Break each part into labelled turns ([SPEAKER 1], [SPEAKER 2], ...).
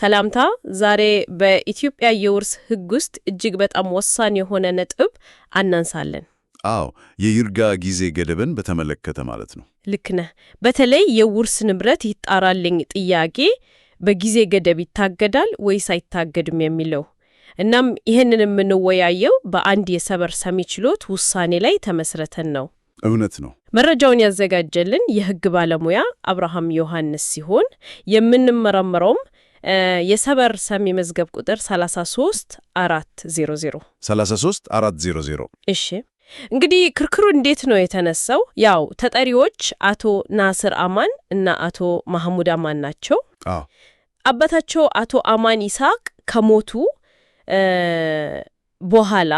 [SPEAKER 1] ሰላምታ ዛሬ በኢትዮጵያ የውርስ ሕግ ውስጥ እጅግ በጣም ወሳኝ የሆነ ነጥብ አናንሳለን።
[SPEAKER 2] አዎ የይርጋ ጊዜ ገደብን በተመለከተ ማለት ነው።
[SPEAKER 1] ልክ ነህ። በተለይ የውርስ ንብረት ይጣራልኝ ጥያቄ በጊዜ ገደብ ይታገዳል ወይስ አይታገድም የሚለው። እናም ይህንን የምንወያየው በአንድ የሰበር ሰሚ ችሎት ውሳኔ ላይ ተመስረተን ነው። እውነት ነው። መረጃውን ያዘጋጀልን የህግ ባለሙያ አብርሃም ዮሐንስ ሲሆን የምንመረምረውም የሰበር ሰሚ መዝገብ ቁጥር 33 400
[SPEAKER 2] 33 400።
[SPEAKER 1] እሺ እንግዲህ ክርክሩ እንዴት ነው የተነሳው? ያው ተጠሪዎች አቶ ናስር አማን እና አቶ ማህሙድ አማን ናቸው። አባታቸው አቶ አማን ይስሐቅ ከሞቱ በኋላ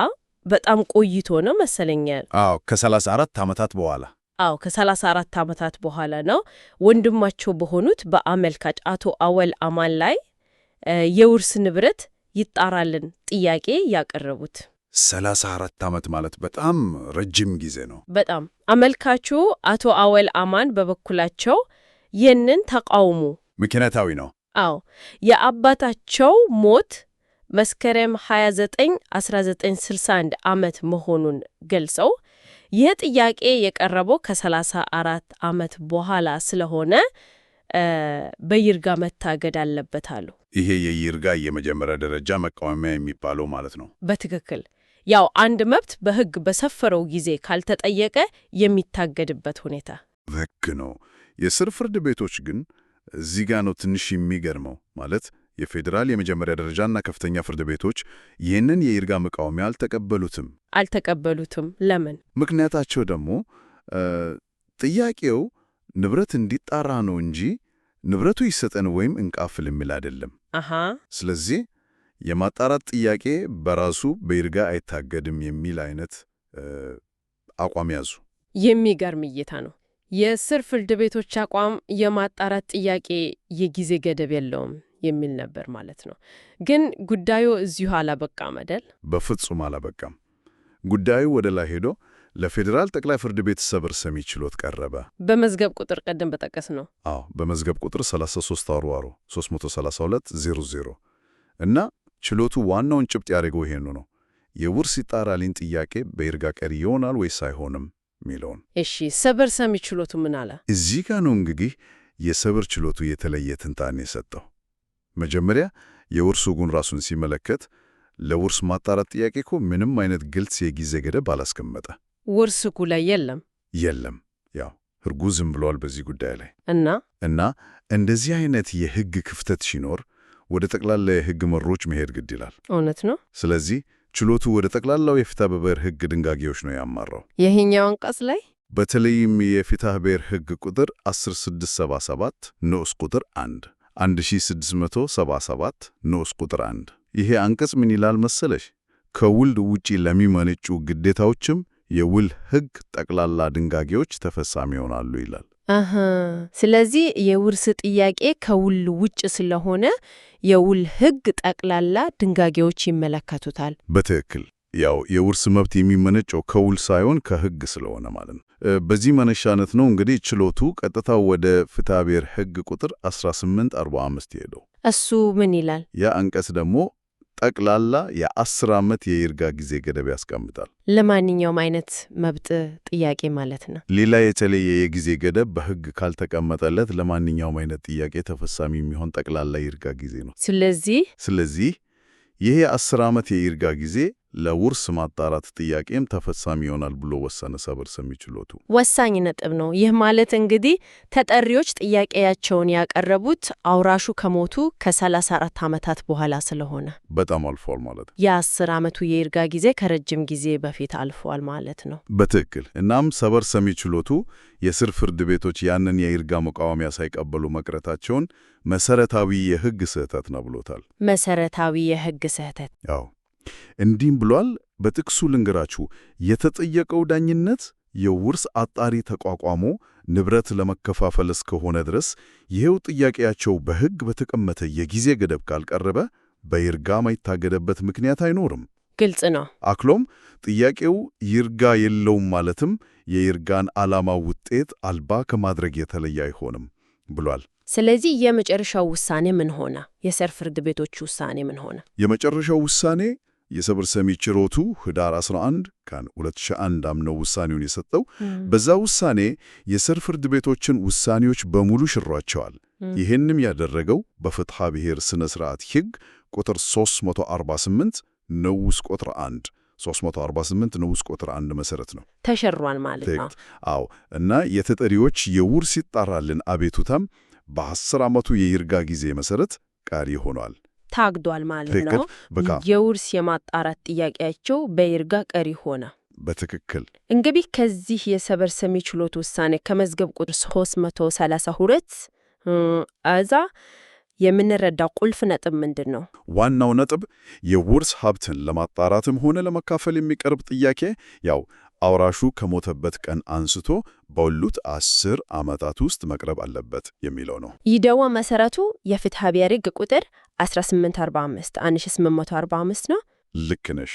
[SPEAKER 1] በጣም ቆይቶ ነው መሰለኛል።
[SPEAKER 2] አዎ ከ34 ዓመታት በኋላ
[SPEAKER 1] አዎ ከ34 ዓመታት በኋላ ነው ወንድማቸው በሆኑት በአመልካች አቶ አወል አማን ላይ የውርስ ንብረት ይጣራልን ጥያቄ ያቀረቡት።
[SPEAKER 2] 34 ዓመት ማለት በጣም ረጅም ጊዜ ነው።
[SPEAKER 1] በጣም አመልካቹ አቶ አወል አማን በበኩላቸው ይህንን ተቃውሙ
[SPEAKER 2] ምክንያታዊ ነው።
[SPEAKER 1] አዎ የአባታቸው ሞት መስከረም 29 1961 ዓመት መሆኑን ገልጸው ይህ ጥያቄ የቀረበው ከ አራት ዓመት በኋላ ስለሆነ በይርጋ መታገድ አለበት አሉ።
[SPEAKER 2] ይሄ የይርጋ የመጀመሪያ ደረጃ መቃወሚያ የሚባለው ማለት ነው።
[SPEAKER 1] በትክክል ያው አንድ መብት በሕግ በሰፈረው ጊዜ ካልተጠየቀ የሚታገድበት ሁኔታ
[SPEAKER 2] ሕግ ነው። የስር ፍርድ ቤቶች ግን እዚህ ጋ ነው ትንሽ የሚገርመው ማለት የፌዴራል የመጀመሪያ ደረጃና ከፍተኛ ፍርድ ቤቶች ይህንን የይርጋ መቃወሚያ አልተቀበሉትም
[SPEAKER 1] አልተቀበሉትም። ለምን?
[SPEAKER 2] ምክንያታቸው ደግሞ ጥያቄው ንብረት እንዲጣራ ነው እንጂ ንብረቱ ይሰጠን ወይም እንቃፍል የሚል አይደለም። አሃ ስለዚህ የማጣራት ጥያቄ በራሱ በይርጋ አይታገድም የሚል አይነት አቋም ያዙ።
[SPEAKER 1] የሚገርም እይታ ነው። የስር ፍርድ ቤቶች አቋም የማጣራት ጥያቄ የጊዜ ገደብ የለውም የሚል ነበር ማለት ነው። ግን ጉዳዩ እዚሁ አላበቃም አይደል?
[SPEAKER 2] በፍጹም አላበቃም። ጉዳዩ ወደ ላይ ሄዶ ለፌዴራል ጠቅላይ ፍርድ ቤት ሰበር ሰሚ ችሎት ቀረበ።
[SPEAKER 1] በመዝገብ ቁጥር ቀደም በጠቀስ ነው።
[SPEAKER 2] አዎ በመዝገብ ቁጥር 33 አሯሯ 332 00 እና ችሎቱ ዋናውን ጭብጥ ያደረገው ይሄኑ ነው። የውርስ ይጣራልኝ ጥያቄ በይርጋ ቀሪ ይሆናል ወይስ አይሆንም ሚለውን።
[SPEAKER 1] እሺ ሰበር ሰሚ ችሎቱ ምን አለ?
[SPEAKER 2] እዚህ ጋ ነው እንግዲህ የሰበር ችሎቱ የተለየ ትንታኔ ሰጠው። መጀመሪያ የውርሱ ጉን ራሱን ሲመለከት ለውርስ ማጣራት ጥያቄ እኮ ምንም አይነት ግልጽ የጊዜ ገደብ አላስቀመጠ።
[SPEAKER 1] ውርስ እኩ ላይ የለም
[SPEAKER 2] የለም። ያው ህጉ ዝም ብሏል በዚህ ጉዳይ ላይ እና እና እንደዚህ አይነት የህግ ክፍተት ሲኖር ወደ ጠቅላላ የህግ መሮች መሄድ ግድ ይላል። እውነት ነው። ስለዚህ ችሎቱ ወደ ጠቅላላው የፍትሐ ብሔር ህግ ድንጋጌዎች ነው ያማራው።
[SPEAKER 1] ይህኛው አንቀጽ ላይ
[SPEAKER 2] በተለይም የፍትሐ ብሔር ህግ ቁጥር 1677 ንዑስ ቁጥር 1 1677 ንዑስ ቁጥር 1 ይሄ አንቀጽ ምን ይላል መሰለሽ? ከውል ውጪ ለሚመነጩ ግዴታዎችም የውል ሕግ ጠቅላላ ድንጋጌዎች ተፈጻሚ ይሆናሉ ይላል።
[SPEAKER 1] ስለዚህ የውርስ ጥያቄ ከውል ውጭ ስለሆነ የውል ሕግ ጠቅላላ ድንጋጌዎች ይመለከቱታል።
[SPEAKER 2] በትክክል ያው የውርስ መብት የሚመነጨው ከውል ሳይሆን ከህግ ስለሆነ ማለት ነው። በዚህ መነሻነት ነው እንግዲህ ችሎቱ ቀጥታው ወደ ፍታብሔር ህግ ቁጥር 1845 ሄደው
[SPEAKER 1] እሱ ምን ይላል?
[SPEAKER 2] ያ አንቀጽ ደግሞ ጠቅላላ የአስር ዓመት የይርጋ ጊዜ ገደብ ያስቀምጣል።
[SPEAKER 1] ለማንኛውም አይነት መብት ጥያቄ ማለት ነው።
[SPEAKER 2] ሌላ የተለየ የጊዜ ገደብ በህግ ካልተቀመጠለት ለማንኛውም አይነት ጥያቄ ተፈጻሚ የሚሆን ጠቅላላ የይርጋ ጊዜ ነው። ስለዚህ ስለዚህ ይህ የአስር ዓመት የይርጋ ጊዜ ለውርስ ማጣራት ጥያቄም ተፈጻሚ ይሆናል ብሎ ወሰነ። ሰበር ሰሚ ችሎቱ
[SPEAKER 1] ወሳኝ ነጥብ ነው። ይህ ማለት እንግዲህ ተጠሪዎች ጥያቄያቸውን ያቀረቡት አውራሹ ከሞቱ ከ34 ዓመታት በኋላ ስለሆነ
[SPEAKER 2] በጣም አልፏል ማለት ነው።
[SPEAKER 1] የ10 ዓመቱ የይርጋ ጊዜ ከረጅም ጊዜ በፊት አልፏል ማለት ነው።
[SPEAKER 2] በትክክል እናም ሰበር ሰሚ ችሎቱ የስር ፍርድ ቤቶች ያንን የይርጋ መቃወሚያ ሳይቀበሉ መቅረታቸውን መሰረታዊ የህግ ስህተት ነው ብሎታል።
[SPEAKER 1] መሰረታዊ የህግ ስህተት
[SPEAKER 2] አዎ እንዲህም ብሏል። በጥቅሱ ልንገራችሁ። የተጠየቀው ዳኝነት የውርስ አጣሪ ተቋቋሞ ንብረት ለመከፋፈል እስከሆነ ድረስ ይሄው ጥያቄያቸው በሕግ በተቀመጠ የጊዜ ገደብ ካልቀረበ በይርጋ ማይታገደበት ምክንያት አይኖርም። ግልጽ ነው። አክሎም ጥያቄው ይርጋ የለውም ማለትም የይርጋን ዓላማ ውጤት አልባ ከማድረግ የተለየ አይሆንም ብሏል።
[SPEAKER 1] ስለዚህ የመጨረሻው ውሳኔ ምን ሆነ? የስር ፍርድ ቤቶች ውሳኔ ምን ሆነ?
[SPEAKER 2] የመጨረሻው ውሳኔ የሰብር ሰሚ ችሎቱ ህዳር 11 ቀን 2001 አምነው ውሳኔውን የሰጠው በዛ ውሳኔ የስር ፍርድ ቤቶችን ውሳኔዎች በሙሉ ሽሯቸዋል። ይህንም ያደረገው በፍትሐ ብሔር ስነ ስርዓት ህግ ቁጥር 348 ንዑስ ቁጥር 1 348 ንዑስ ቁጥር 1 መሰረት ነው
[SPEAKER 1] ተሸሯል ማለት ነው።
[SPEAKER 2] አዎ እና የተጠሪዎች የውር ሲጣራልን አቤቱታም በ10 ዓመቱ የይርጋ ጊዜ መሰረት ቃሪ ሆኗል።
[SPEAKER 1] ታግዷል ማለት ነው። የውርስ የማጣራት ጥያቄያቸው በይርጋ ቀሪ ሆነ። በትክክል እንግዲህ ከዚህ የሰበር ሰሚ ችሎት ውሳኔ ከመዝገብ ቁጥር 332 እዛ የምንረዳው ቁልፍ ነጥብ ምንድን ነው?
[SPEAKER 2] ዋናው ነጥብ የውርስ ሀብትን ለማጣራትም ሆነ ለመካፈል የሚቀርብ ጥያቄ ያው አውራሹ ከሞተበት ቀን አንስቶ በሁሉት አስር ዓመታት ውስጥ መቅረብ አለበት የሚለው ነው።
[SPEAKER 1] ይደዋ መሰረቱ የፍትሐ ብሔር ሕግ ቁጥር 1845 1845 ነው።
[SPEAKER 2] ልክ ነሽ።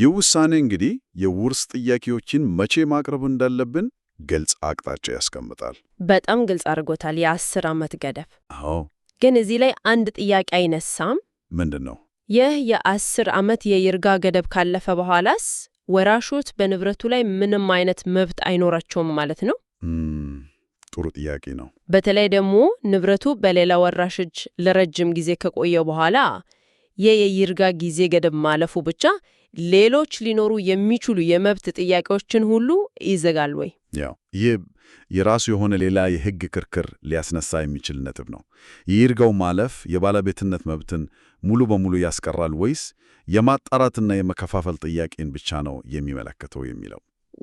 [SPEAKER 2] ይህ ውሳኔ እንግዲህ የውርስ ጥያቄዎችን መቼ ማቅረብ እንዳለብን ግልጽ አቅጣጫ ያስቀምጣል።
[SPEAKER 1] በጣም ግልጽ አድርጎታል፣ የአስር ዓመት ገደብ። አዎ፣ ግን እዚህ ላይ አንድ ጥያቄ አይነሳም? ምንድን ነው? ይህ የአስር ዓመት የይርጋ ገደብ ካለፈ በኋላስ ወራሾች በንብረቱ ላይ ምንም አይነት መብት አይኖራቸውም ማለት ነው?
[SPEAKER 2] ጥሩ ጥያቄ ነው።
[SPEAKER 1] በተለይ ደግሞ ንብረቱ በሌላ ወራሽ እጅ ለረጅም ጊዜ ከቆየ በኋላ የይርጋ ጊዜ ገደብ ማለፉ ብቻ ሌሎች ሊኖሩ የሚችሉ የመብት ጥያቄዎችን ሁሉ ይዘጋል ወይ?
[SPEAKER 2] ያው ይህ የራሱ የሆነ ሌላ የሕግ ክርክር ሊያስነሳ የሚችል ነጥብ ነው። ይርጋው ማለፍ የባለቤትነት መብትን ሙሉ በሙሉ ያስቀራል ወይስ የማጣራትና የመከፋፈል ጥያቄን ብቻ ነው የሚመለከተው የሚለው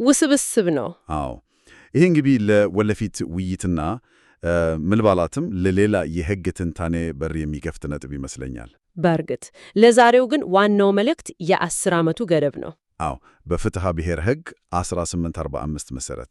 [SPEAKER 1] ውስብስብ ነው።
[SPEAKER 2] አዎ ይህ እንግዲህ ለወደፊት ውይይትና ምልባላትም ለሌላ የሕግ ትንታኔ በር የሚገፍት ነጥብ ይመስለኛል።
[SPEAKER 1] በእርግጥ ለዛሬው ግን ዋናው መልእክት የአስር ዓመቱ ገደብ ነው።
[SPEAKER 2] አዎ በፍትሐ ብሔር ሕግ 1845 መሰረት